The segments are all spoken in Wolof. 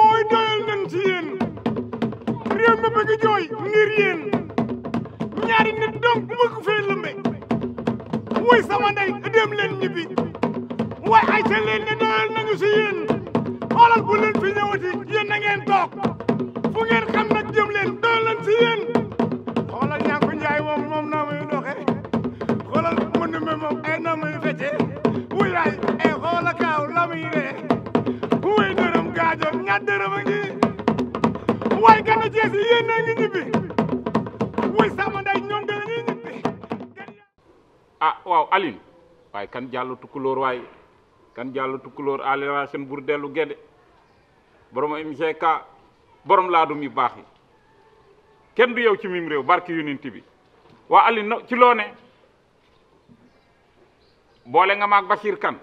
wooy doyal nañ ci yéen réew bëgg jooy ngir yéen ñaari nit donc bëgg fee lëmbe wuy sama ndey leen ñibbi waaye ay ca leen ne doyal nañu si yéen xoolal bu leen fi ñëwati yéen na ngeen leen doyal nañ si ñaar dërëm a ngi waaye gana Thiès yéen na ngi ñibbi wuy sama nday ñoom de ñuy ñibbi ah waaw Aline waaye kan tu tukkulóor waaye kan jàllu tukkulóor alira seen bur dellu gede borom MGK borom laadum yu baax yi kenn du yow ci mim réew barki yonent bi waa Aline ci loo ne boole nga maag Bachir Kane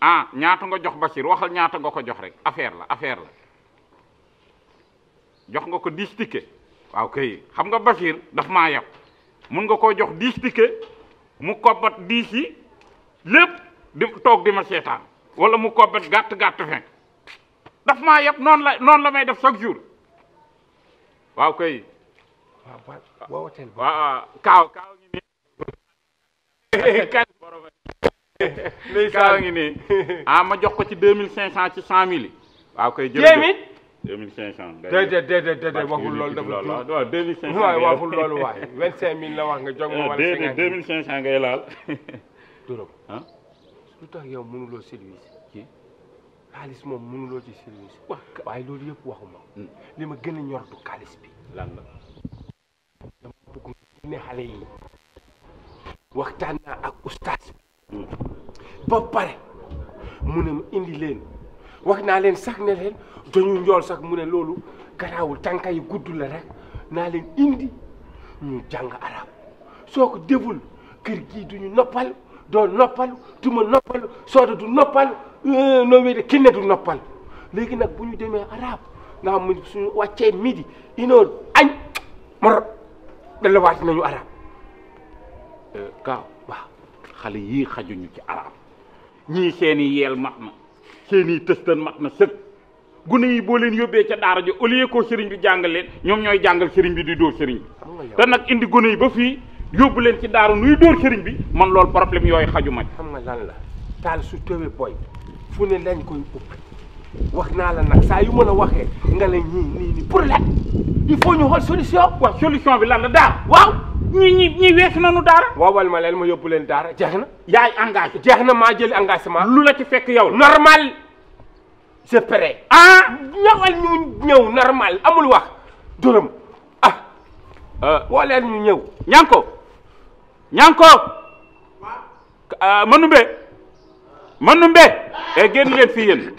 ah ñaata nga jox basir waxal ñaata nga ko jox rek affaire la affaire la jox nga ko 10 ticket waaw kay xam nga basir daf ma yapp mën nga ko jox 10 ticket mu kobat 10 yi lepp di tok di ma seetaan wala mu kobat gatt gatt fin daf ma yapp non la non la may def chaque jour waaw kay waaw waaw kaaw kaw ñu ne kaa ngi nii ah ma jox ko ci deux mille cinq cent ci cent mille yi waaw koy jërëjëf deux mille cinq cent déedéet déedéet déedéet waxul loolu dafa tuuti waaw deux waxul loolu waay vingt nga jog ma eh, wala cinquante deux mille cinq mënuloo ci xaalis moom mënuloo ci service waaye loolu yëpp waxuma hmm. li ma gën a ñor du xaalis bi lan la dama bëgg ne xale yi waxtaan naa ak oustaz ba pare mu ne ma indi leen wax naa leen sax ne leen dañu njool sax mu ne loolu garaawul tànka yi gudd la rek naa leen indi ñu jàng arab soo ko deful kër gii duñu noppal doo noppal duma noppal sooda du noppal euh, noo wéy de kinne du noppal léegi nag bu ñu demee arab nga xam ne suñu wàccee midi une heure añ mor dalawaati nañu arab euh, gaaw waaw xale yii xajuñu ci arab ñii seen i yeel mat na seen i tëstan mat na sëg gune yi boo leen yóbbee ca daara ji au lieu que sëriñ bi jàngal ñoom ñooy jàngal sëriñ bi di dóor sëriñ bi te nag indi gune yi ba fii yóbbu leen ci daaru nuy dóor sëriñ bi man loolu problème yooyu xaju ma xam nga lan la taal su tëwee boy fu ne lañ koy ubbi wax naa la nag saa yu mën a waxee nga la ñii nii nii pour lan il faut ñu xool solution. waaw solution bi lan la daara. waaw ñi ñi ñi weesu nañu daara. woowal ma leen ma yóbbu leen daara jeex na. yaay engagé jeex na maa jëli engagement. lu la ci fekk yow normal. c'est prêt. ah ñëwal ñu ñëw normal amul wax dërëm ah. Euh, woo leen ñu ñëw. ñanko ñanko. Euh, manumbe manumbe. Eh, génn leen fii yéen.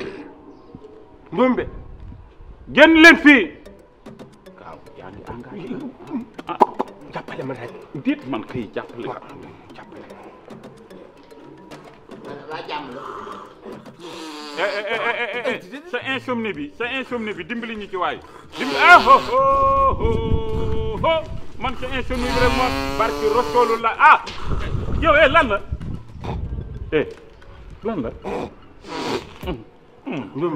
Ndombe génn leen fii waaw yaa ngi engagé ah jàppale ma rek déet man kay jàppale ma jàppale eh, eh, eh, sa insomnie bi sa insomnie bi dimbali ñu ci waay dimbali ah ho ho man sa insomnie bi rek moom barki rosoolu la ah yow eh lan la eh lan la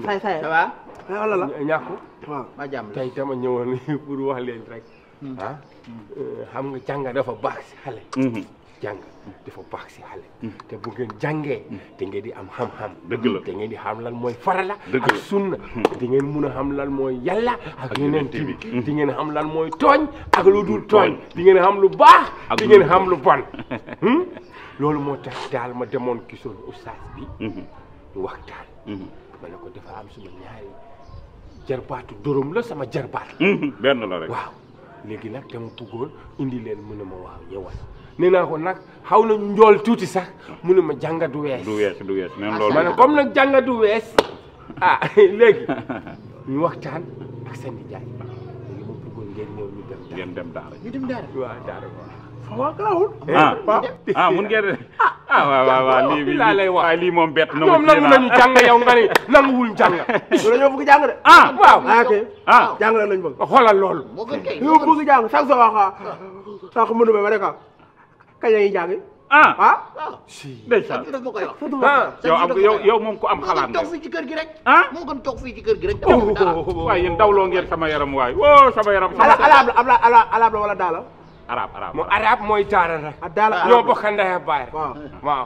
fay fay ça va. Oh la ñàkk waaw ma jàmm tey dama ñëwoon pour wax leen rek. Hmm. ah euh, xam nga jàng dafa baax si xale. Hmm. jàng dafa baax si xale. Hmm. te bu jàngee. te ngeen di am xam-xam. dëgg la te ngeen di xam lan mooy farala. dëgg la ak sunna. di ngeen mun a xam lan mooy yàlla. ak yeneen tamit di ngeen xam lan mooy tooñ. ak lu dul tooñ di ngeen xam lu baax. ak di ngeen xam lu bon. loolu moo te daal ma demoon gisoon ustaas bi. waxtaan. ma ko dafa am suma ñaari jarbaatu dóoróom la sama jarbaat la. Mhm, benn la rek waaw. léegi nag dama bëggoon indi leen mu ne ma waaw ñëwal nee naa ko nag xaw na njool tuuti sax mu ne ma jàngat du wees. du wees du wees même ah, loolu ma ne comme nag jàngat du wees ah léegi ñu waxtaan ak seen nijaay. ngeen ñëw ñu dem daara ngeen dem daara. ñu dem daara waaw daara waaw. waaw garaawul. ah mun ngeen de ah. ah waaw waaw waaw lii lii waaw lii moom bett na. ñoom nangu nañu jàng yow nga ni nangu wul jàng. loolu ñoo bëgg jàng de. ah waaw ah kay. ah, ah. jàng la lañ bëgg. xoolal loolu. ñoo bëgg jàng sax sa wax ah. sax mënu ma ba rek ah kañ la ñuy jàng. ah ah waaw. ndeysaan daf ah! yow am yow yow moom ku am xalaat nga. moo gën ci kër gi rek. ah moo gën toog kër gi rek. Oh, oh, oh, waaye yéen dawloo ngeen sama yaram waay mooy taarara. ah daala arab ñoo bokk ndey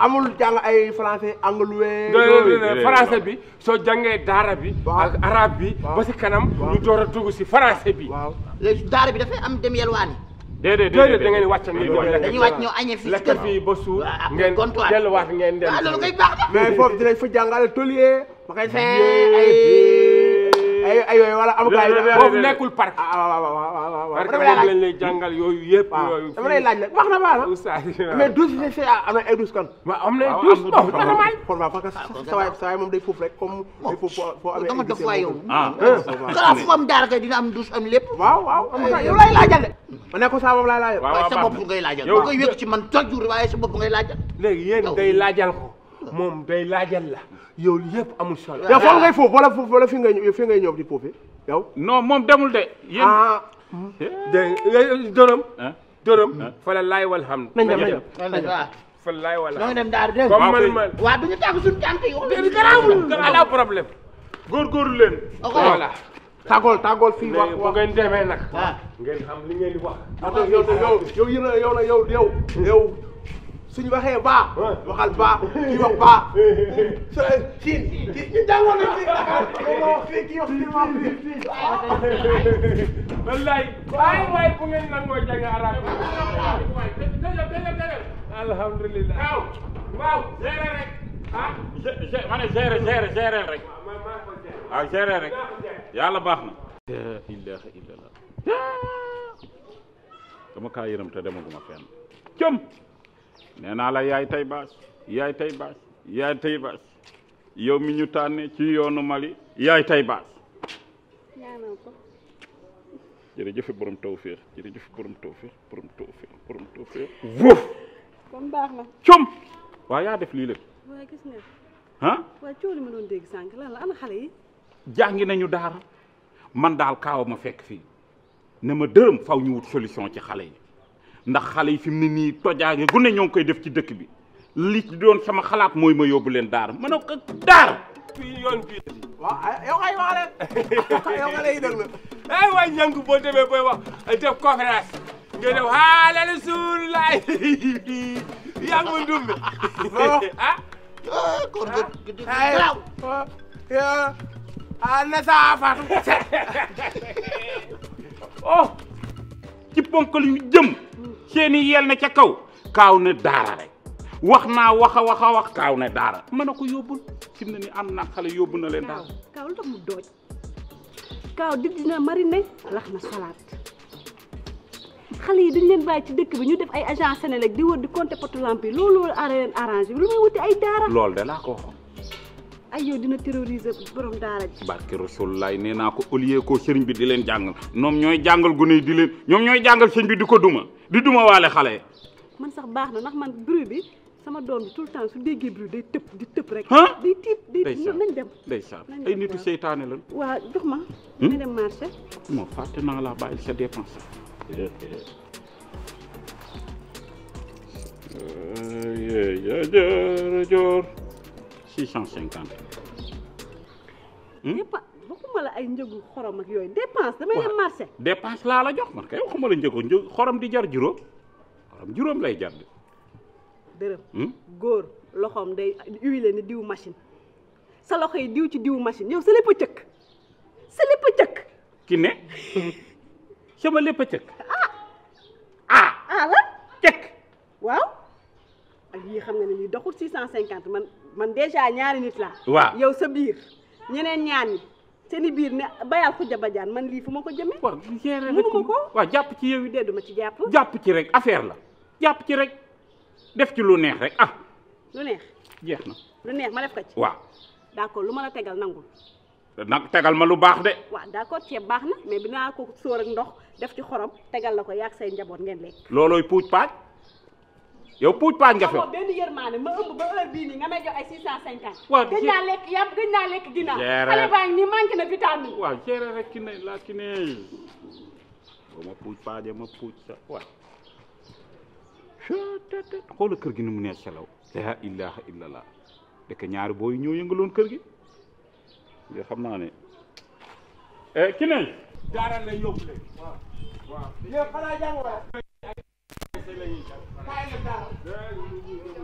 amul jàng ay français anglais. français bi soo jàngee daara bi. ak arab bi. ba kanam. ñu door a dugg bi. daara bi dafay am dem yelwaani déedéet déedéet da ngeen di wàcc ñu doon dañuy wàcc ñu añee fii lekk fii ba suur ngeen delluwaat ngeen dem loolu koy baax na mais foofu dinañ fa jàngale tôlier ma koy fee ay ay yooyu wala am gars yi foofu nekkul parc waaw waaw dama lay laaj lañ lay jàngal yooyu yëpp. yooyu dama lay laaj nag wax na baax na. mais douze yi c'est am na ay douze kan. waaw am na ay douze non dama may. kon waaw parce que saa waay saa waay moom day foofu rek comme. foofu oh, foo amee dama def waay yow. ah eh. waaw fu am jaar kay dina am douze am lépp. waaw waaw am na yow lay laajal de. ma ne ko saa boobu laay laajal. waaw waaw sa bopp ngay laajal. yow ngay wékk ci man toujours waaye sa bopp ngay laajal. léegi yéen day laajal ko moom day laajal la yow yëpp amul solo. yow foofu ngay foofu wala foofu wala fi ngay fi ngay ñëw di foofu yow. non moom demul de. yéen ah. dégg dërëm. dërëm fala laay wal xam. nañ dem nañ dem fala laay wal xam. dem daal dégg nga man man. waaw du ñu tàgg suñu tànk yi wax dëgg garaawul ala problème. góorgóorlu leen. voilà. tàggool wax bu ngeen demee nag. Ah. ngeen xam li ngeen di wax. Ah, yow yow yow yow suñu waxee baa waxal baa kii wax baa siin ñu jàngoon nañu si Dakar moo wax fii kii wax fii moo wax fii wallaay waay waay ku ngeen nangoo jàng arab alhamdulilah waaw waaw gérer rek ah ma ne gérer gérer gérer rek waaw ah, gérer rek yàlla baax na la ilaha illallah dama kaa yërëm te demaguma fenn jëm nee naa la yaay tay baas yaay tay baas yaay tay mi ñu tànnee ci yoonu Mali yaay tay baas ñaanal ko jërëjëf borom tawféex jërëjëf borom tawféex borom wuuf comme baax yaa def lii lépp waaw gis xale yi jàngi nañu daara man daal kaaw ma fekk fii ne ma dërëm faw ñu wut solution ci xale yi ndax xale yi fi mu ne nii tojaange gu ñoo ngi koy def ci dëkk bi li ci doon sama xalaat mooy ma yóbbu leen daara ma ne ko daara. fii yoon fii waaw yow ay wax rek yow nga lay déglu ay waay boo demee booy wax def conférence nga def yaa ngi ma ah. ah, a ah. na oh ci ponk yu jëm seeni yel na ca kaw kaaw na daara rek wax naa wax a wax a wax kaaw na daara mën a ko yóbbul fi mu ne am na xale yóbbu na leen daara kaaw lu tax mu dooj kaaw di dina marine lax na salaat xale yi dañ leen bàyyi ci dëkk bi ñu def ay agent Senelec di wër di compter potu lampe yi loolu loolu arrangé bi lu muy wuti ay daara loolu de laa ko wax ayo dina terroriser borom daara ji barki rasulullah nee ko au ko sëriñ bi di len jangal ñom ñoy jangal gune di len ñom ñoy jangal sëriñ bi di duma di duma walé xalé man sax baax na man bru bi sama doom bi tout temps su déggé bru day tepp di tepp rek di tiit di nañ dem ndeysaan ay nitu sheytane lan wa jox ma hmm? ñu dem marché mo faté na la bayil sa dépense Yeah, yeah, yeah, yeah, yeah. 650. Hmm? dépense waxuma la ay njëgu xorom ak yooyu dépense damay dem marché. dépense laa la jox man kay waxuma la njëgu njëgu xorom di jar juróom xorom juróom lay jar. dërëm. Hmm? góor loxoom day huilé ni diw machine sa loxo yi diw ci diw machine yow sa lépp a cëkk sa lépp a cëkk. ki ne sama lépp a cëkk. ah ah, ah la cëkk. waaw ak yii xam nga ne nii doxul 650 man man déjà ñaari nit laa. waaw yow sa biir. ñeneen ñaan ñi seen biir ne bayal ko jaan man lii fu ma ko jëmee. waaw géré rek ko waaw jàpp ci yow yi déeduma ci jàpp. jàpp ci rek affaire la jàpp ci rek def ci lu neex rek ah. lu neex jeex na. lu neex ma def ko ci. waaw d'accord lu ma la tegal nangul. nag tegal ma lu baax de. waaw d'accord ceeb baax na mais dinaa ko sóor ak ndox def ci xorom tegal la ko yaag say njaboot ngeen lekk. loolooy puuj paaj. yow puuj paaj nga fi wax benn lekk yàpp gëj lekk ginnaaw. jeere xale baa ngi nii manqué na vitamine. waaw jeere rek ki ma puuj paaje ma puuj sa kër gi ni mu ne selaw. laa ilaha illallah. dëkk ñaari booy ñëw yëngaloon kër gi. nga xam naa ne. ki Yeah, you